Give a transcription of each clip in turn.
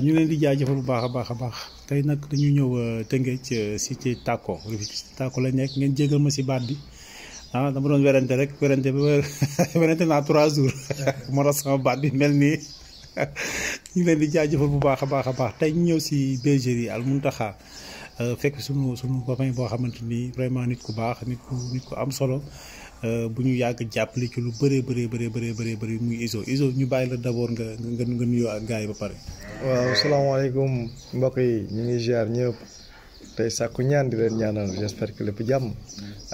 waaw ñu leen di jaajëfal bu baax a baax a baax tey nag dañu ñëw euh, Tëngéej euh, cité si ci Tako la nekk ngeen jégal ma si baat bi ah dama doon werante rek werante ba werante naa trois jours moo tax sama baat bi mel nii ñu ngi leen di jaajëfal bu baax a baax a baax tey ñu ñëw si bergerie Al Mountakha euh, fekk sunu sunu copain boo xamante ni vraiment nit ku baax nit ku nit ku am solo Euh, bu ñu yàgg jàppale ci lu bëree bëree bëree bëree bëri muy ISO ISO ñu bàyyi la d'abord nga nga nga nuyoo ak gars ba pare. waaw salaamaaleykum mbokk yi ñu ngi ziar ñëpp. tey sàkku ñaan di leen ñaanal j'espère que lépp jàmm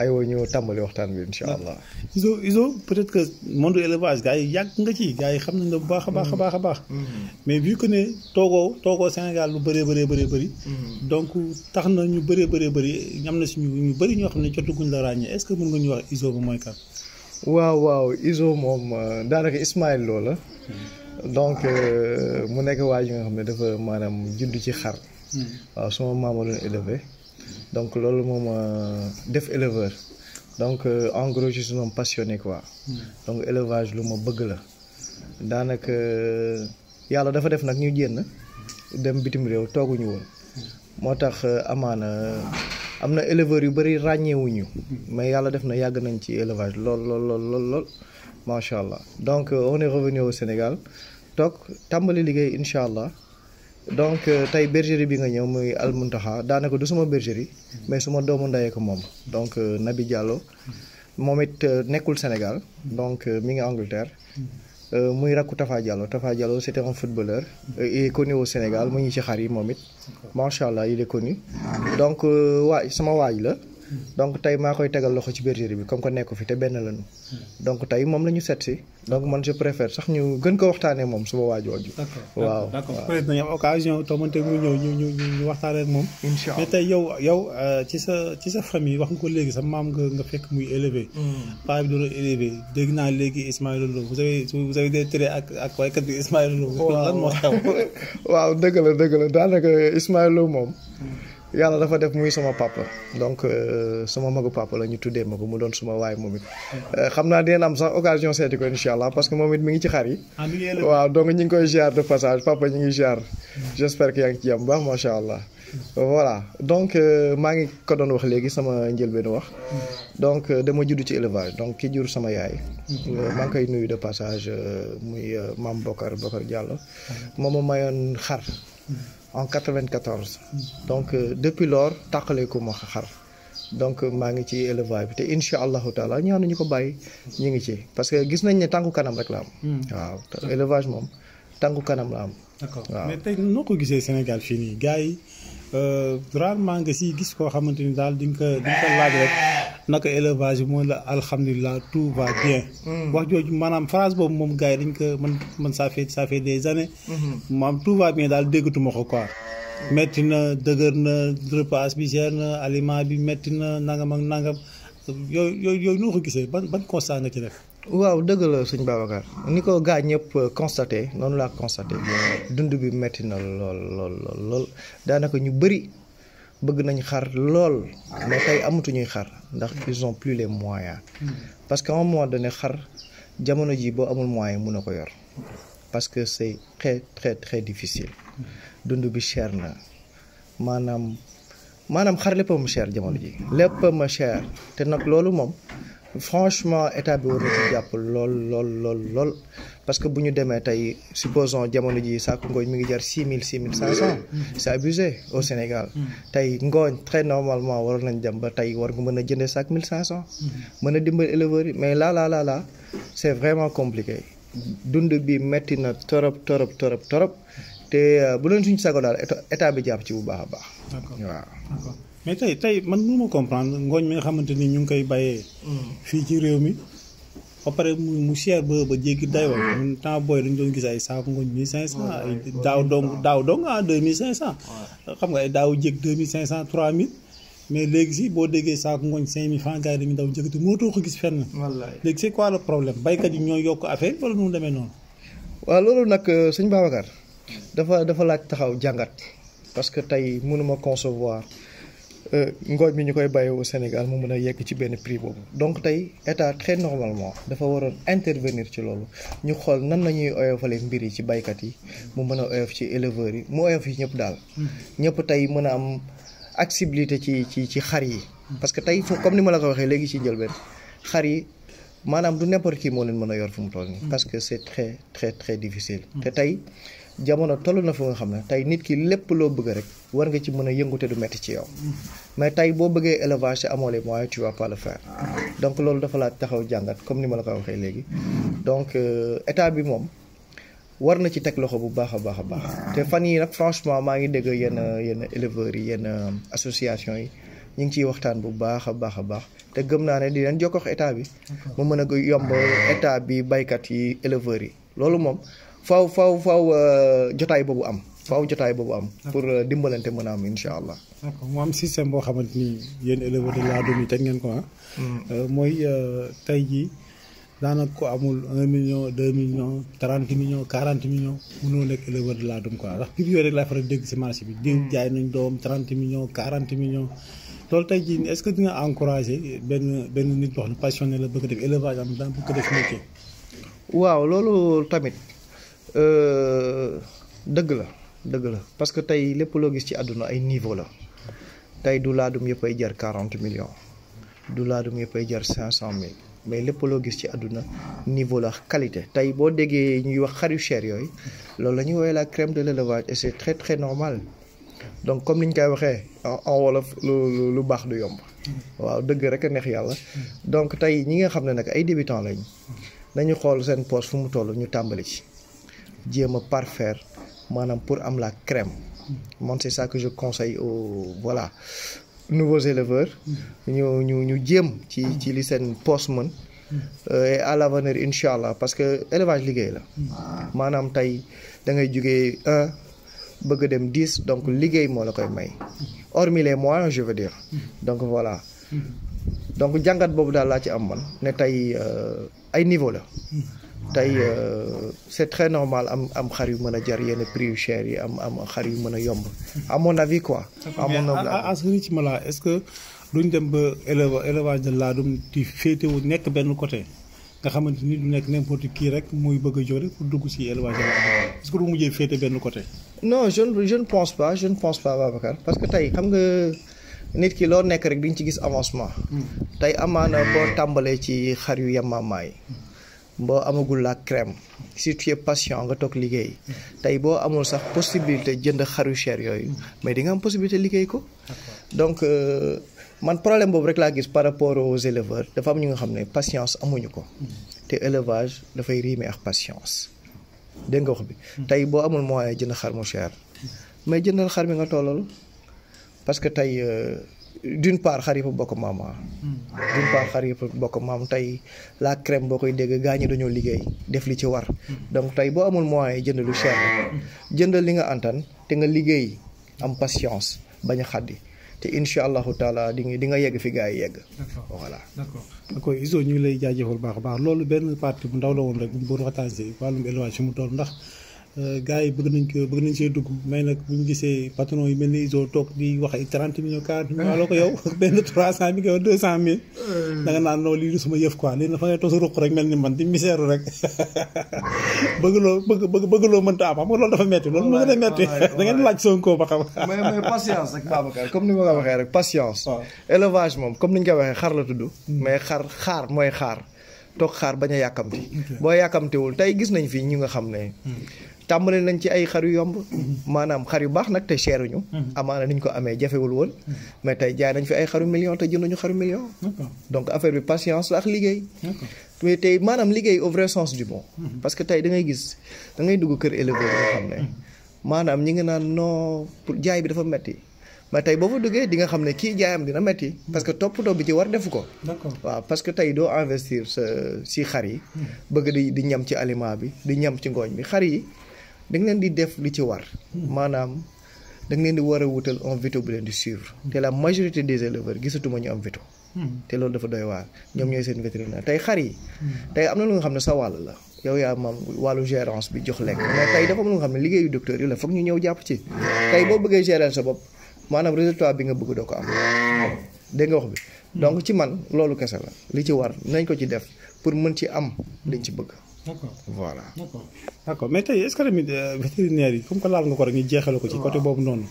aywa ñu tàmbali waxtaan bi incha allah. Izo Izo peut-être que monde élevage gars yi yàgg nga ci gars yi xam nañ la bu baax a baax a mm. baax a baax. Mm. mais bii que ne toogoo toogoo Sénégal lu bëree bëree bëree bëri. Mm. donc tax na ñu bëree bëree bëri ñam na suñu ñu bëri ñoo xam ne jotaguñ la ràññee est-ce que mën nga ñu wax Izo ba mooy kan. waaw waaw Izo moom euh, daanaka Ismaël loola. donc euh, mu nekk waa ji nga xam ne dafa maanaam judd ci xar. Mm-hmm. waaw suma maama doon élevé donc loolu moom euh, def éleveur donc euh, en gros je suis un passionné quoi mm-hmm. donc élevage lu ma bëgg la daanaka euh, yàlla dafa def nag ñu génn dem bitim réew tooguñu woon mm-hmm. moo tax amaana am na éleveurs yu bëri ràññeewuñu mais yàlla def na yàgg nañ ci élevage lool lool lool lool lool macha allah donc on est revenu au Sénégal toog tàmbali liggéey incha allah donc euh, tey bergerie bi nga ñëw muy Al Mountakha daanaka du sama bergerie mais suma doomu ndayee ko moom donc euh, Nabi Diallo moom it euh, nekkul Sénégal donc mi ngi Angleterre muy rakku Tafa Diallo Tafa Diallo c' était un footballeur il est connu Sénégal mu ngi ci xar yi moom it macha allah il est connu donc waay sama waaj la. donc tey maa koy tegal loxo ci bergerie bi comme que nekku fi te benn lañu. donc tey moom la ñu seet si donc man je préfère sax ñu gën ko waxtaanee moom suba waajooju. waaw d'accord peut être nañu am occasion toomante mu ñu ñu ñu moom. incha allah tey yow yow euh, ci sa ci sa famille wax nga ko léegi sa maam nga nga muy élevé. Hmm. paa bi dégg naa léegi Ismaïla Lo vous avez vous avez des traits ak ak waykat bi Ismaïla Lo. waaw lan moo xew. waaw dëgg la dëgg la daanaka Ismaïla Lo moom. Hmm. yàlla dafa def muy sama papa donc euh, sama magu papa la ñu tuddee ma ko mu doon suma waay moom it euh, xam naa dinañ am sax occasion seeti ko incha allah parce que moom it mi ngi ci xar yi ah, waaw donc ñi ngi koy ziar de passage papa ñi ngi ziar hmm. j'espère que yaa ngi ci jàmm baax macha allah voilà donc euh, maa ngi ko doon wax léegi sama njëlbeenu wax hmm. donc dama juddu ci élevage donc ki jur sama yaay hmm. maa ngi koy nuyu de passage muy maam Bokar Bokar Diallo moom en 94. donc euh, depuis lors tàqaleeku ma xar. donc euh, maa ngi ci élevage bi te incha allahu taala ñaanu ñu ko bàyyi ñu ngi ci parce que gis nañ ne tànku kanam rek la am. Hmm. waaw élevage moom tànku kanam la am. d'accord mais noo ko gisee Sénégal fii nii gars yi euh, rarement nga si gis koo xamante ni daal di ko laaj rek. naka élevage bi mooy la alhamdulilah tout va bien. Hmm. wax jooju maanaam phrase boobu moom gars yi dañ ko man man ça fait ça des années. Hmm. maam tout va bien daal déggatuma ko quoi. Hmm. metti na dëgër na repas bi cher na aliment bi metti na nangam ak nangam yooyu yooyu yooyu noo ko gisee ban ban constat nga ci def. waaw dëgg la sëñ Babacar ni ko gaa ñëpp constaté noonu laa constaté dund bi metti na lool lool daanaka ñu bëri. bëgg nañ xar lool mais tey amatuñuy xar ndax ils ont plus les moyens parce que à un moment xar jamono ji boo amul moyen mun a ko yor parce que c'est très très très difficile dund bi cher na maanaam maanaam xar léppam cher jamono ji léppam cher te nag loolu moom franchement état bi war na ci jàpp lool lool lool lool parce que bu ñu demee tey supposons jamono ji saako ngooñ mu ngi jar si mille six mille cinq cent mm. c'est abusé au Sénégal mm. tey ngooñ très normalement waroon nañ dem ba tey war nga mën a jëndee saak mille cinq cent mm. mën a dimbali éleveurs yi mais là là là là c'est vraiment compliqué dund bi metti na torop torop torop te euh, bu doon suñ sago daal état bi jàpp ci bu baax a baax waaw mais tey tey man mënuma comprendre ngooñ mi nga xamante nii ñu ngi koy bàyyee. fii ci réew mi ba pare mu cher ba ba jéggi dayoo. Mm. ñun temps booy dañu doon gis ay saako ngooñ 1500. Mm. ay mm. daaw dong daaw dong ah 2500. xam nga daaw jég 2500 3000. mais léegi si boo déggee saako ngooñ 5000 francs gars yi dañuy daw moo mënatoo ko gis fenn. wallaay léegi c'est quoi le problème baykat yi ñoo yokk affaire wala nu mu demee noonu. waaw loolu nag euh, sëñ Babacar. dafa dafa laaj taxaw jàngat. parce que tey mënuma concevoir. Euh, ngooñ bi ñu koy bàyyi au Sénégal mu mën a yegg ci benn prix boobu donc tey état très normalement dafa waroon intervenir ci loolu ñu xool nan la ñuy oyofalee mbir yi ci baykat yi mu mën a oyof ci éleveurs yi mu oyof yi ñëpp daal. ñëpp tey mën a am accibilité ci ci ci xar yi. parce que tey foofu comme ni ma la ko waxee léegi ci njëlbeen xar yi maanaam du n'importe qui moo leen mën a yor fu mu toll nii. parce que c'est très très très difficile. te tey. jamono toll na fu nga xam ne tey nit ki lépp loo bëgg rek war nga ci mën a yëngu te du metti ci yow mais tey boo bëggee élevage te amoo les moyens tu vas pas le donc loolu dafa laa taxaw jàngat comme ni ma la ko waxee léegi donc euh, état bi moom war na ci teg loxo bu baax a baax a baax te fan yi nag franchement maa ngi dégg yenn yenn éleveurs yi yenn euh, association yi ñu ngi ciy waxtaan bu baax a baax a baax te gëm naa ne di leen jokkox état bi mu mën a yomb état bi baykat yi éleveurs yi loolu moom faaw faw faaw euh, jotaay boobu am faaw jotaay boobu am. pour euh, dimbalante mën a am incha allah. d'accord mu am système boo xamante ni yéen éleveurs de laadum yi teg ngeen ko ah. Mm. Euh, mooy tey jii daanaka ko amul un million deux millions trente millions quarante millions mënoo nekk éleveur de laadum quoi ndax prix yooyu rek laa faral di dégg si marché bi. diw mm. jaay nañ doom trente millions quarante millions. loolu tey jii est-ce que dina nga encourager benn benn nit wax ne passionné la bëgg def élevage am daan bëgg Euh, dëgg la dëgg la parce que tey lépp loo gis ci àdduna ay niveau la tey du laadum yëpp ay jar quarante million du laadum yëpp ay jar cinq cent mille mais lépp loo gis ci àdduna niveau la qualité tey boo déggee ñuy wax xar yu cher yooyu loolu la ñuy woowee la crème de l'élevage et c'est très très normal donc comme ni ñu koy waxee en wolof lu lu baax du yomb waaw dëgg rek a neex yàlla donc tey ñi nga xam ne nag ay débutants lañ nañu xool seen poche fu mu ñu tàmbali ci. jéem a parfaire maanaam pour am la crème man c'est ça que je conseille voilà nouveaux éleveurs ñu ñu jéem ci ci li seen poste mën euh, et à l'avenir incha allah parce que élevage liggéey la maanaam tey dangay ngay un bëgg dem dix donc liggéey moo la koy may hormis les mois je veux dire donc voilà jàngat boobu daal laa ci am man ne tey euh, ay niveau la tey euh, c'est très normal am am xar yu mën a jar yenn prix yu cher yi am am xar yu mën a yomb amoon mon avis quoi. à mon avis ci mala est-ce que duñ dem ba éleva élevage de laadum di féetewu nekk benn côté nga xamante ni du nekk n'importe qui rek muy bëgg a jóg pour dugg ci élevage de laadum est-ce féete benn côté. non je ne je ne pense pas je ne pense pas Babacar tey xam nga. nit ki loo nekk rek di ci gis avancement. Hmm. tey amaana boo tàmbalee ci xar yu yemmaamaay boo amagul la crème si tu es patient nga toog liggéey tey boo amul sax possibilité jënd xaru cher yooyu mais di nga am possibilité liggéey ko donc euh, man problème boobu rek laa gis par rapport aux éleveurs dafa am ñu nga xam ne patience amuñu ko te élevage dafay rimer ak patience dégg nga wax bi tey boo amul moyen jënd xar mu cher mais jëndal xar mi nga tollal parce que tey euh, d'une part xar yëpp bokk maam ah. d'une part xar bokk maam tey la crème boo koy dégg gaa ñi dañoo liggéey def li ci war. donc tey boo amul moyen jënd lu cher jëndal li nga antan te nga liggéey am patience bañ a xaddi te incha allahu taala di nga di nga yegg fi gaa yi yegg. voilà d'accord d'accord Izo ñu ngi lay jaajëfal baax a baax loolu benn partie bu ndaw la woon rek bu ñu doon waxtaan si mu toll ndax. Euh, gars yi bëgg nañ bëgg nañ see dugg mais nag bu ñu gisee patron yu mel ni ISO toog di wax ay trente millions quarante millions alors que yow benn trois cent mille yow deux cent mille. Euh. da nga naan loolu lii du sama yëf quoi lii dafa ngay toog ni man loo bëgg bëgg loo mënta am xam nga loolu dafa metti loolu moo gën a metti da ngeen laaj Sonko ba xam. mais mais patience rek comme ni ma ko waxee rek patience. élevage moom comme ni ñu ko waxee xar la tudd. Hmm. mais xar xaar mooy xaar. toog xaar bañ a yàkkamti. boo yàkkamtiwul tey gis nañ fi ñi nga xam ne. Hmm. tàmbale nañ ci ay xar yu yomb mm-hmm. maanaam xar yu baax nag te seeruñu mm-hmm. amaana niñ ko amee jafewul woon mm-hmm. mais tey jaay nañ fi ay xaru million te jënduñu xaru million donc affaire bi patience la ak liggéey mais tey maanaam liggéey au vrai sens du mot parce que tey da ngay gis da ngay dugg kër éleveur yoo xam ne maanaam ñi ngi naan noo pour jaay bi dafa metti mais tey boo fa duggee di nga xam ne kii jaayam dina metti parce que toppatoo bi ci war defu ko waaw parce que tey doo investir sa si xar yi bëgg di di ñam ci aliment bi di ñam ci ngooñ bi xar yi da nga leen di def li ci war. maanaam da nga leen di war a wutal un veto bu leen di suivre. te la majorité des éleveurs gisatuma ñu am vito hmm. te loolu dafa doy waar ñoom ñooy seen vétérinaire tey xar yi. Hmm. tey am na lu nga xam ne sa wàll la. yow yaa maam wàllu gérance bi jox lekk mais tey dafa am lu nga xam ne liggéeyu docteur yi la foog ñu ñëw jàpp ci. tey boo bëggee gérer sa bopp maanaam résultat bi nga bëgg doo ko am. dégg nga wax bi hmm. donc ci man loolu kese la li ci war nañ ko ci def pour mën ci am liñ ci bëgg. d'accord voilà. d'accord mais tey est-ce euh, vétérinaire yi comme que laal nga ko rek ñu jeexale ko. ci côté boobu noonu.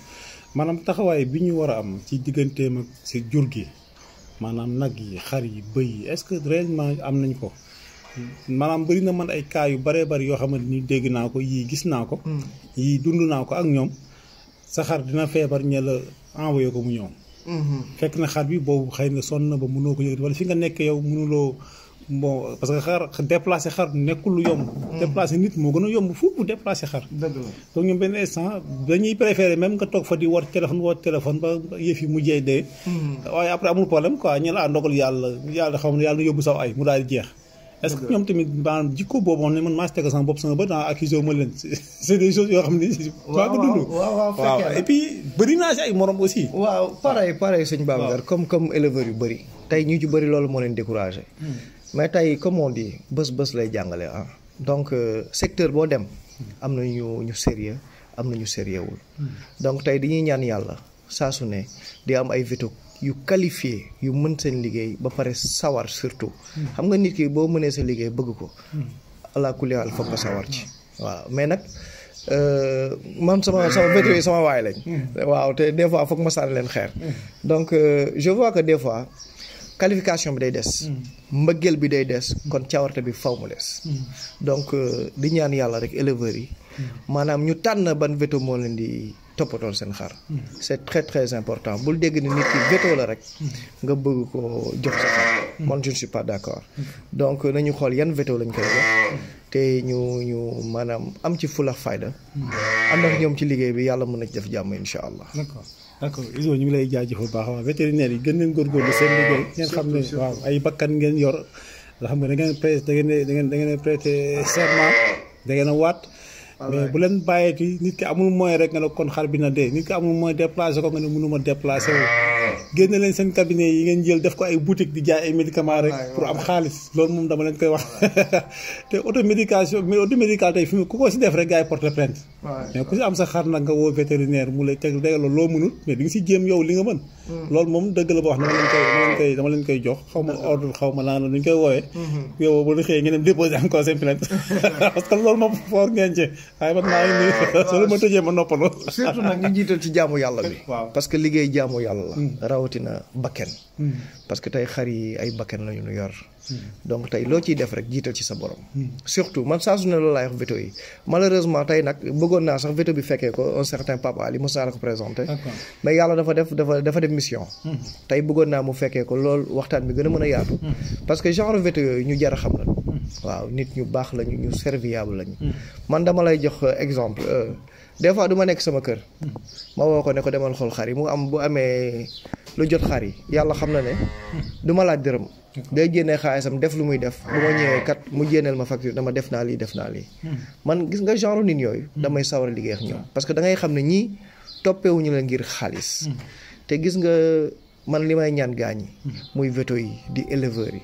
maanaam taxawaay bi ñu war a am ci digganteem ak si jur gi maanaam nag yi xar yi bëy yi est-ce que réellement am nañ ko. maanaam bëri na man ay cas yu baree bari yoo xamante ni dégg naa ko yii gis naa ko. Hmm. yii dund naa ko ak ñoom. sa xar dina feebar ña la envoyé ko mu ñëw. Hmm. fekk na xar bi boobu xëy na sonn ba mënoo ko yëg wala fi nga nekk yow mënuloo. bon parce que xar déplacer xar nekkul yomb. Hmm. déplacer nit moo gën a yomb fu mu déplacer xar. dëgg la donc ñoom benn instant dañuy préférer même nga toog fa di war téléphone war téléphone ba yëf yi mujjee dee. Hmm. waaye après amul problème quoi ñu ne ah ndogal yàlla yàlla xam ne yàlla yóbbu saw ay mu daal jeex. est-ce que ñoom tamit maanaam jikko boobu moom ne man maa si teg sama bopp sama bët ah accusé wu ma leen c'est des choses yoo xam ne. waaw waaw si ay morom aussi. waaw pareil pareil sëñ Babacar yu bëri. tey ñu bëri loolu moo leen découragé. Hmm. mais tey comme on bës bës lay jàngale ah donc euh, secteur boo dem am na ñu ñu sérieux am na ñu sérieux wul donc tey dañuy ñaan yàlla saa su ne di am ay véto yu qualifié yu mën seen liggéey ba pare sawar surtout xam nga nit ki boo mënee sa liggéey bëgg ko ala kulli haal foog nga sawar ci waaw mais nag euh, man sama sama véto yi sama waay lañ hmm. waaw te des fois foog ma sànni leen xeer hmm. donc euh, je vois que des fois qualification bi day des mm. mbëggeel bi day des kon cawarte bi faw mu des mm. donc euh, di ñaan yàlla rek éleveurs yi mm. maanaam ñu tànn ban veto moo leen di toppatoon seen xar c'est très très important bul dégg ni nit ki veto la rek nga bëgg ko jox sa xar man je ne suis pas d'accord donc nañu xool yan veto lañ koy jox te ñu ñu maanaam am ci fula fayda. ànd ak ñoom ci liggéey bi yàlla mën na ci def jàmm incha allah. d'accord d'accord Izo ñu ngi lay jaajëfal bu baax waaw vétérinaire yi gën leen góorgóorlu seen liggéey. ngeen xam ne waaw ay bakkan ngeen yor nga xam ne da ngeen prêter da ngeen da ngeen prêter serment da ngeen a waat. mais bu leen bàyyeeti nit ki amul moyen rek nga kon xar bi na dee nit ki amul moyen déplacé ko nga ne mënuma déplacé wu. génne leen seen cabinet yi ngeen jël def ko ay boutique di jaay ay médicaments rek pour am xaalis loolu moom dama leen koy wax te automédication mais automédical tey fi mu ku ko si def rek gars yi porte plainte mais ku si am sa xar nag nga woo vétérinaire mu lay teg tegaloo loo mënul mais di nga si jéem yow li nga mën hmm. loolu moom dëgg la boo wax dama leen dama leen koy jox xaw ma hmm. ordre xaw ma laan la ñu koy woowee hmm. yow bu xëyee ngeen dem déposé encore seen plainte parce que loolu moom foor ngeen ci waaye ma tëjee ma noppaloo surtout nag ñu jiital ci jaamu yàlla bi waaw parce que liggéey jaamu yàlla la rawatina bakken parce que tey xar yi ay bakken lañu yor donc tey loo ciy def rek jiital ci sa borom. Hmm. surtout man saa su ne loolu laay wax veto yi malheureusement tey nag bëggoon naa sax veto bi fekkee ko un certain Pape Ali mos naa la ko présenté. mais yàlla dafa def dafa def mission. Hmm. tey bëggoon naa mu fekkee ko loolu waxtaan bi gën a mën a yaatu. Hmm. parce que genre veto yooyu ñu jar a xam la waaw nit ñu baax lañu ñu serviable lañu. man dama lay jox euh, exemple. Euh, des fois du ma nekk sama kër ma woo ko ne ko demal xool xar yi mu am bu amee lu jot xar yi yàlla xam na ne du laa dërëm day génnee xaalisam def lu muy def bu ñëwee kat mu génneel ma facture dama def naa lii def naa lii man gis nga genre nit yooyu damay sawar a liggéey ak ñoom parce que da xam ne ñii toppewuñu la ngir xaalis te gis nga man li may ñaan gaañ yi muy veto yi di éleveurs yi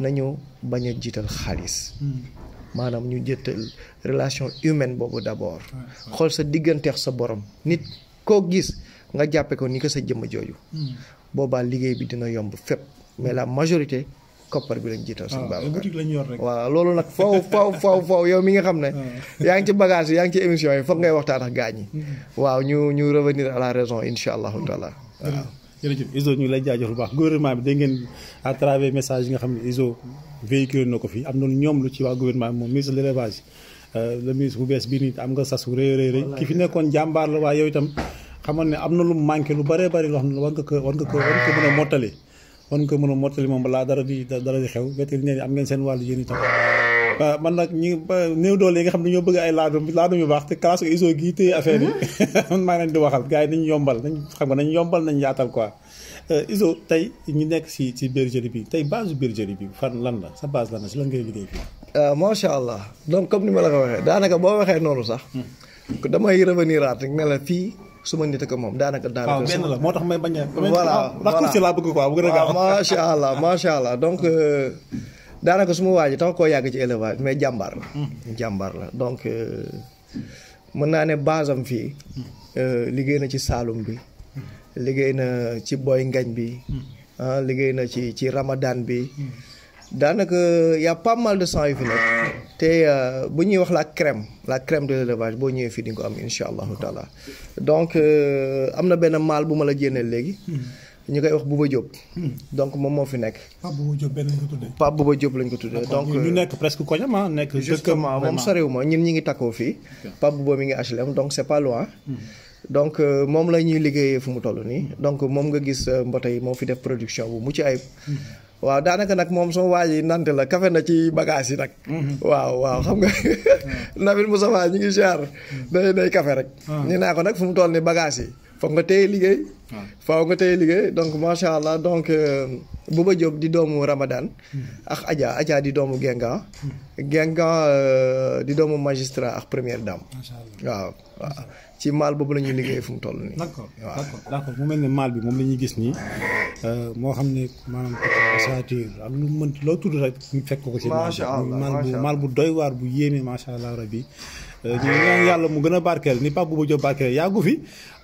nañu bañ a jiital xaalis maanaam ñu jëttal relation humaine boobu d'abord xool sa digganteex sa borom nit koo gis nga jàppe ko ni ko sa jëmm jooju hmm. boobaa liggéey bi dina yomb fépp mais la majorité koppar bi lañ jiital suñu ah, baax waaw loolu nag faw faw faw faw yow mi nga xam ne ah. yaa ngi ci bagage yaa ngi ci émission yi foog ngay waxtaan ak gaañ yi hmm. waaw ñu ñu revenir à la raison insha allahu taala waaw hmm. jërëjëf ISO ñu lay jaajëfal bu baax gouvernement bi dégg ngeen à message yi nga xam ne ISO véhiculé na ko fi am na ñoom lu ci waa gouvernement moom ministre de l'élevage euh, le ministre bu bees bii nii am nga sas bu rëy rëy rëy ki fi nekkoon jàmbaar la waaye yow itam xamoon ne am na lu manqué lu bëree bëri loo war nga ko war nga ko war nga ko mën a mottali war nga ko moom balaa dara di dara di xew vétérinaire am ngeen seen wàllu yéen itam man nag ñi néew doole yi nga xam ne ñoo bëgg ay bi laadum yu baax te classe iso gii téye affaire yi man maa leen di waxal yombal nañ xam nga nañ yombal nañ yaatal quoi Euh, Izo tey ñu nekk si si bergerie bi tey base bergerie bi fan lan la sa base lan la si lan ngay liggéey fii. Euh, macha allah donc comme ni ma la ko waxee daanaka boo waxee noonu sax. Hmm. damay revenir at rek fii. su ma nit ak moom daanaka daanaka. waaw benn la moo tax may bañ a. voilà ah, raccourci laa bëgg a gaaw. macha allah macha allah donc euh, daanaka su ma waaj tax koo yàgg ci élevage mais jàmbaar la. Hmm. jàmbaar la donc mën naa ne base fii. Hmm. liggéey na ci Saalum bi. liggéey na ci Boy Ngañ bi. Hmm. Ah, liggéey na ci ci Ramadan bi. Hmm. daanaka y' a pas mal de sang yu fi nekk. te euh, bu ñuy wax la crème la crème de levage boo ñëwee fii di ko am incha allahu taala. donc euh, am na benn maal bu ma la jénneel léegi. Hmm. ñu koy wax Bouba Diop. donc moom moo fi nekk. Pape Bouba Diop benn lañ ko tuddee. Pape Bouba Diop lañ ko tuddee donc. ñu euh, nekk presque koñam ah nekk. justement moom soriwuma ñun ñi ngi takkoo fii. Pape Bouba mi ngi HLM donc c' est pas loin. donc euh, moom la ñuy liggéeyee fu mu toll nii donc moom nga gis euh, mbote moo fi def production bu mucc ayib. Mm-hmm. waaw daanaka nag moom sama waa yi nante la kafe na ci bagage yi nag. Mm-hmm. waaw waaw xam nga. Nabil Moussa ñu ngi jaar. Mm-hmm. day day kafe rek. Ah. ñu naa ko nag fu mu toll nii bagage yi foog nga téye liggéey. faaw nga tey liggéey donc macha allah donc euh, Bouba Diop di doomu Ramadan. Hmm. ak Adja ajaa di doomu Gengan. Hmm. Gengan euh, di doomu magistrat ak première dame. macha allah waaw waaw ci maal boobu la ñuy liggéey fu mu toll nii. d' mu mel ni maal bi moom la ñuy gis nii euh, moo xam ne maanaam ossature lu mu mënti loo tudd rek ñu fekk ko ci. macha maal bu maal bu doy waar bu yéeme macha allah rabi. Euh, ñu ñaan yàlla mu gën a barkeel ni Pape Bouba Diop barkeel yàggu fi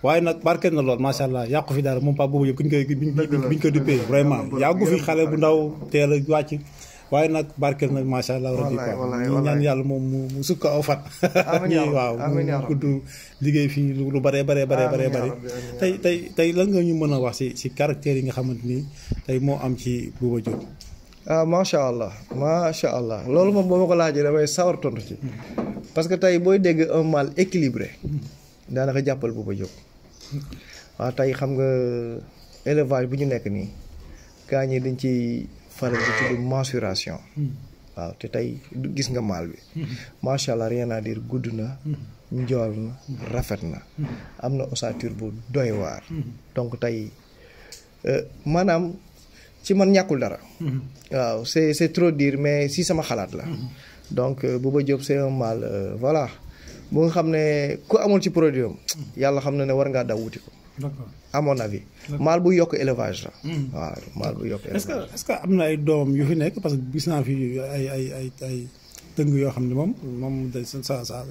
waaye nag barkeel na lool macha allah yàqu fi dara moom Pape Bouba Diop bi ñu koy bi ñu ko duppee vraiment yàggu fi xale bu ndaw teel a wàcc waaye nag barkeel nag macha allah rabbi ñu ñaan yàlla moom mu sukka aw fan ñii waaw mu gudd liggéey fii lu bare bare bare bare bare tey tey tey lan nga ñu mën a wax si si caractère yi nga xamante ni tey moo am ci Bouba Diop ah macha allah macha allah loolu moom boo ma ko laajee damay sawar tontu ci parce que tey booy dégg un mal équilibré daanaka jàppal bu ba jóg waaw tey xam nga élevage bu ñu nekk nii gaa dañ ci faral di tudd mensuration waaw te tey gis nga mal bi macha allah rien à dire gudd na njool na rafet na am na ossature bu doy waar donc tey euh, maanaam ci man ñàkkul dara. Mhm. waaw c'est c'est trop dire mais si sama xalaat la. Mhm. donc euh, Bouba Diop c'est un mal euh, voilà bu nga xam ne ku amoon ci produit mhm. yàlla xam na ne war ngaa daw wuti ko. d'accord à mon avis. maal bu yokk élevage la. waaw mal bu yokk élevage. est-ce que est am na ay doom yu fi nekk parce que gis naa fi ay ay ay ay. tëng yoo xam ne moom moom day sa sa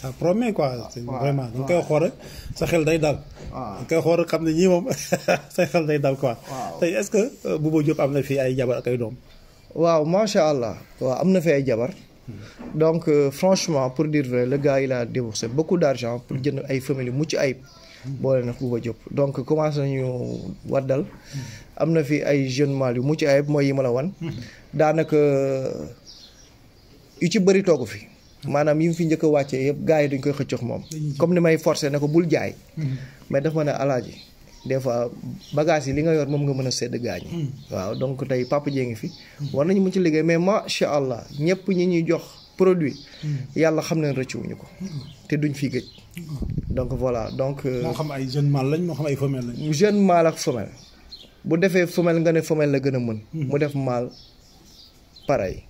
ça promet quoi. Ah, koy xool rek sa xel day da ah. nga koy xool rek xam ne ñii moom sa xel day dal quoi. tey est-ce que euh, Bouba Diop am na fii ay jabar ak doom. waaw macha allah waaw am na fi ay jabar. Hmm. donc euh, franchement pour dire vrai le gars il a déboursé beaucoup d'argent pour jënd ay famille yu mucc ayib. Hmm. boole na Bouba Diop donc commencé nañu waddal. Hmm. am na fi ay jeunes mâles yu mucc ayib mooy yi ma la wan. daanaka. yu ci bëri toogu fi maanaam yi mu fi njëkk a wàccee yëpp gars yi dañ koy xëccox moom comme ni may forcé ne ko bul jaay mhm. mais dafa mën a alaaji des fois bagage yi li nga yor moom nga mën a sedd gaañ mhm. waaw donc tey papa jee ngi fi mhm. war nañu mun ci liggéey mais macha allah ñëpp ñi ñuy jox produit yàlla xam ne ñu ko te duñ fi gëj donc voilà donc euh, moo xam ay jeune mâle lañ moo xam ay femelle lañ jeune mâle ak femelle bu defee femelle nga ne femelle la gën a mën mu def mâle yi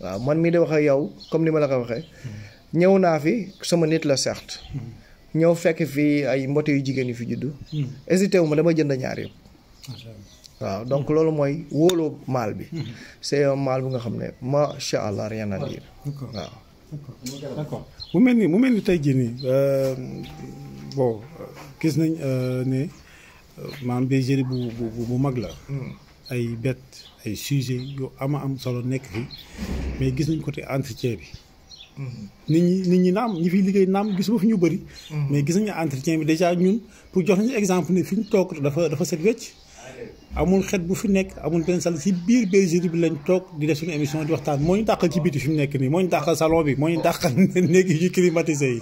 waaw man mii di wax ak yow comme ni ma la ko waxee. ñëw naa fi sama nit la certes. ñëw fekk fii ay mbote yu jigéen yu fi juddu. hésité wu ma dama jënd ñaar yëpp. waaw donc loolu mooy wóolu maal bi. c'est un maal bu nga xam ne macha allah rien à dire. waaw. mu mel ni mu mel ni tey jii nii euh, bon gis nañ euh, ne euh, maanaam bergerie bu bu bu mag la. Hmm. ay bête ay sujet yu ama am solo nekk fi mais gis nañ côté entretien bi mm-hmm. nit ñi nit ñi naam ñi fi liggéey naam gisuma fi ñu bëri mm-hmm. mais gis nañu entretien bi déjà ñun pour jox nañu exemple ne fi ñu toog dafa dafa set wecc amul xet bu fi nekk amul benn salle ci biir bergerie bi lañ toog di def suñu émission di waxtaan moo ñu dàqal ci biti fi mu nekk nii moo ñu dàqal salon bi moo ñu dàqal néeg yu climatisé yi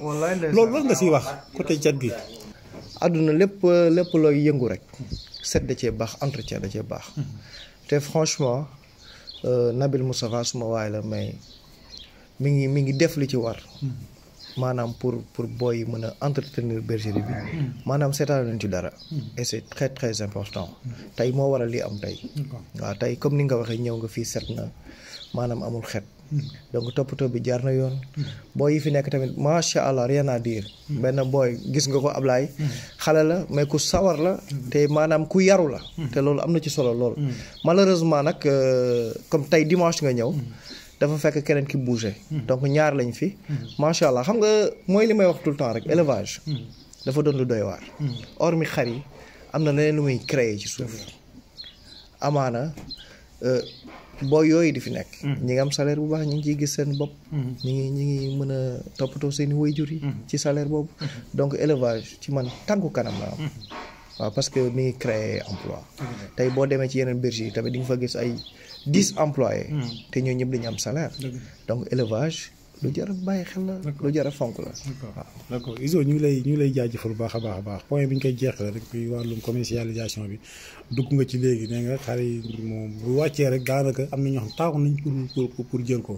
loolu lan nga siy wax côté cat gi àdduna lépp lépp looy yëngu rek set da cee baax entretien da cee baax mm-hmm. te franchement euh, Nabil Moustapha suma waay la mais mi ngi mi ngi def li ci war. Hmm. maanaam pour pour booy mën a entretenir bergerie bi hmm. maanaam seetaan nañ ci dara hmm. et c'est très très important tey moo waral li am tey waaw tey comme ni nga waxee ñëw nga fii set na maanaam amul xet donc toppatoo bi jaar na yoon. booy yi fi nekk tamit macha allah rien à dire. benn booy gis nga ko Ablaye. xale la mais ku sawar la. te maanaam ku yaru la. te loolu am na ci solo lool. malheureusement nag euh, comme tey dimanche nga ñëw. dafa fekk keneen ki bougé. donc ñaar lañ fi. macha allah xam nga mooy li may wax tout le temps rek élevage. dafa doon lu doy waar. hormis xar yi am na leneen lu muy créer ci suuf. amaana. Euh, booy yooyu di fi nekk. Mm. ñi ngi am salaire bu baax ñi ngi ciy gis seen bopp. Mm. ñi ngi ñi ngi mën a toppatoo seen i wayjur yi. Mm. ci salaire boobu. donc élevage ci man tànku kanam la am. waa parce que mi ngi créer emploi. tey boo demee ci yeneen bergerie yi tamit di nga fa gis ay dix employés. te ñoo ñëpp dañu am salaire. donc élevage. lu jar a bàyyi xel la. lu jar a fonk la. d' accord Izo ñu ngi lay ñu ngi lay jaajëfal bu baax a baax a baax point bi ñu koy jeexal rek muy wàllum commercialisation bi dugg nga ci léegi nee nga xar yi moom bu wàccee rek daanaka am na ñoo xam taaw nañ pour pour pour jël ko.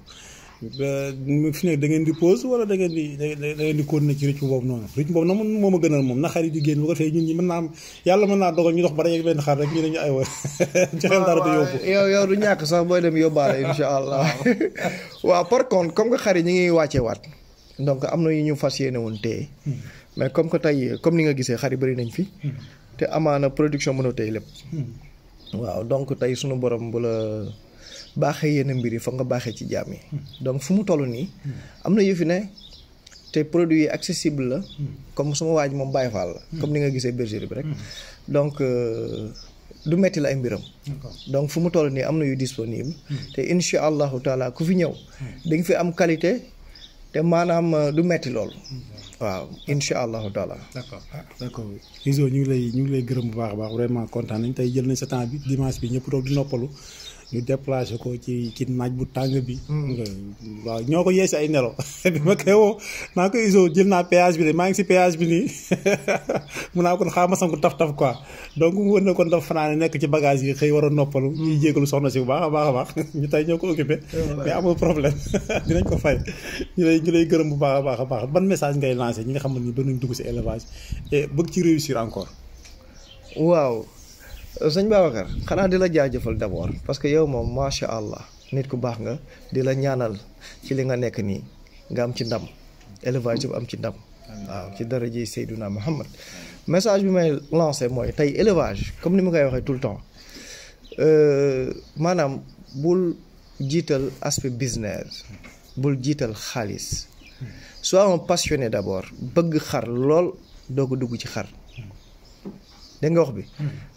fi nekk da ngeen di pause wala da ngeen di da ngeen di continuer ci rëcc boobu noonu rëcc boobu nag moom a gënal moom naxar yi di génn bu ko fee ñun ñi mën naa am yàlla mën naa dogal ñu dox ba rek benn xar rek ñu ne ñu ay woon dara du yóbbu yow yow du ñàkk sax booy dem yóbbaale insha allah waaw par contre comme que xar ñu ngi wàcce waat donc am na yu ñu fas yéene woon téye hmm. mais comme que tey comme ni nga gisee xar yi bëri nañ fi hmm. te amaana production mën a téye lépp hmm. waaw donc tey suñu borom bu la baaxee yenn mbir yi foog nga baaxee ci jaam yi. donc fu mu toll nii. am na yu fi ne te produit yi accessible la. comme sama waa ji moom Baye Fall la. comme ni nga gisee bergerie bi rek. donc euh, du metti la ay mbiram. donc fu mu toll nii am na yu disponible. Hmm. te incha allahu taala ku fi ñëw. dañ fi am qualité. te maanaam euh, du metti lool. Hmm. waaw incha allahu taala. d' accord ah, d' accord Izo ñu ngi lay ñu ngi lay gërëm bu baax a baax vraiment kontaan nañ tey jël nañ sa temps bi dimanche bi ñëpp toog di noppalu. ñu déplacé ko ci ci naaj bu tàng bi. Hmm. waaw ñoo ko yeesi ay nelaw. bi ma koy woo naa ko iso jël naa péage bi de maa ngi si péage bi nii mun naa kon xaaral ma sangu taf taf quoi donc mu wër na kon dafa fanaan nekk ci bagage yi xëy war a noppalu. Hmm. ñuy jégalu soxna si bu baax a baax a baax ñu tey ñoo ko occupé. mais amul problème dinañ ko fay ñu lay ñu lay gërëm bu baax a baax a baax ban message ngay lancé ñi nga xam nii bëgg nañ dugg si élevage et bëgg ci réussir encore. sëñ Babacar xanaa di la jaajëfal d'abord parce que yow moom macha allah nit ku baax nga di la ñaanal ci li nga nekk nii nga am ci ndam élevage bu am ci ndam. waaw ci dara ji Seydouna Muhammad message bi may lancé mooy tey élevage comme ni ma koy waxee tout le temps euh, maanaam bul jiital aspect business bul jiital xaalis soo un passionné d'abord bëgg xar lool doo ko dugg ci xar. dégg wax bi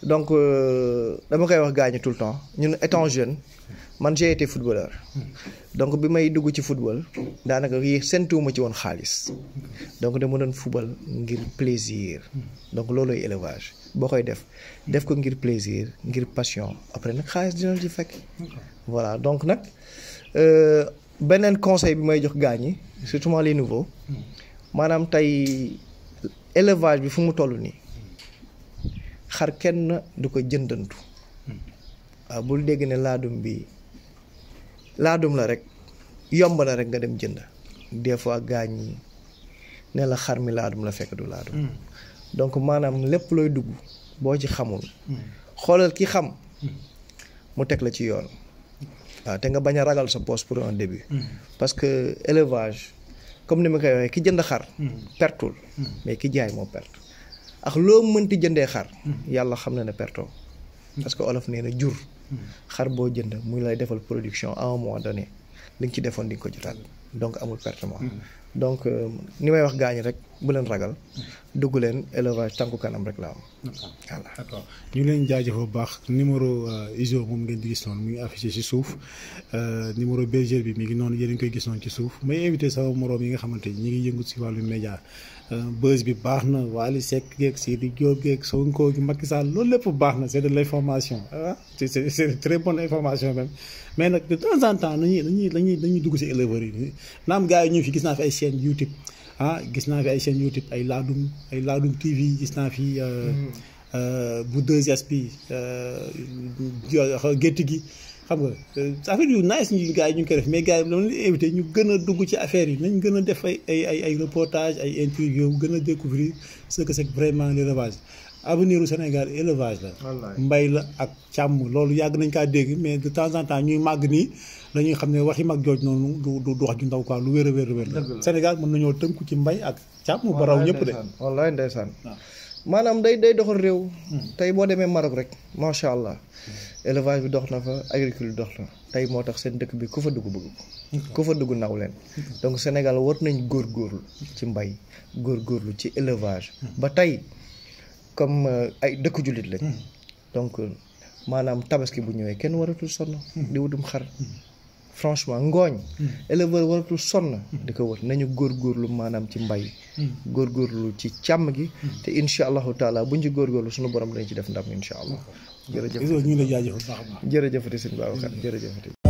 donc euh, dama koy wax gaañu tout le temps ñun étant jeune man j'ai été footballeur donc bi may dugg ci football daanaka yi séntuwuma ci woon xaalis donc dama doon football ngir plaisir donc loolooy élevage boo koy def def ko ngir plaisir ngir passion après nag xaalis dina ci fekk voilà donc nag euh, beneen conseil bi may jox gaañi surtout les nouveaux maanaam tey élevage bi fu mu toll nii xar kenn du ko jëndantu waaw bul dégg ne laadum bi laadum la rek yomb na rek nga dem jënd des fois gaañ yi la xar mi laadum la fekk du laadum hmm. donc maanaam lépp looy dugg boo ci xamul hmm. xoolal ki xam hmm. mu teg la ci yoon waaw te nga bañ a ragal sa poste pour un début parce que élevage comme ni ma koy waxee ki jënd xar pertul mais ki jaay moo perte ak loo mënti jëndee xar yàlla xam na ne perto parce que olof nee na jur xar boo jënd muy lay defal production à un moment donné li nga ci defoon di nga ko jotaat donc amul pertement donc euh, ni may wax gaañ rek bu leen ragal dugg leen élevage tànku kanam rek la am. voilà d'accord ñu leen jaajëfal bu baax numéro euh, ISO moom ngeen di gis noonu mu ngi affiché ci suuf euh, numéro berger mi ngi noonu yéen koy gis ci suuf may invité sama moroom yi nga xamante ñi ngi yëngu ci wàllu média buzz bi baax na Wally Seck geeg Sidi Diop geeg Sonko gi Macky Sall loolu lépp baax na c'est de l'information ah c'est c'est mais nag de temps en temps nañuy dañuy dugg ci éleveurs yi naam gars yi ñu fi gis naa fi ay chaîne YouTube ah gis naa fi ay chaîne YouTube ay Laadum ay Laadum TV gis naa fi. Euh, hmm. euh, bu 2S bi euh, gétt gi xam nga affaire yu nice ñu gars yi ñu ngi koy def mais gars yi dañu leen invité ñu gën a dugg ci affaire yi nañ gën a def ay ay ay reportage ay interview gën a découvrir ce que c'est vraiment l'élevage avenir Sénégal élevage la. mbay la ak càmm loolu yàgg nañ kaa dégg mais de temps en temps ñuy màgg nii. dañuy xam ne wax yi mag jooj noonu du du du wax ju ndaw quoi lu wér a wér a wér Sénégal mën nañoo tënku ci mbay ak càmm ba raw ñëpp de wallaay ndeysaan maanaam day day doxal réew hmm. tey boo demee Maroc rek macha allah élevage bi dox na fa agriculture dox na tey moo tax seen dëkk bi ku fa dugg bëgg hmm. ku fa dugg naw leen hmm. donc Sénégal war nañ góor góorgóorlu ci mbay góor góorgóorlu ci élevage ba tey comme euh, ay dëkk jullit lañ donc euh, maanaam tabaski bu ñëwee kenn waratul sonn di franchement ngooñ. Hmm. éleveur waratul sonn. Hmm. di ko wër nañu góorlu maanaam ci mbay. góor hmm. góorgóorlu ci càmm gi. te incha allahu taala buñ ci góorgóorlu suñu borom dañ ci def ndam incha allah. jërëjëf ñu ngi lay jaajëfal baax a baax jërëjëfati sëñ Babacar jërëjëfati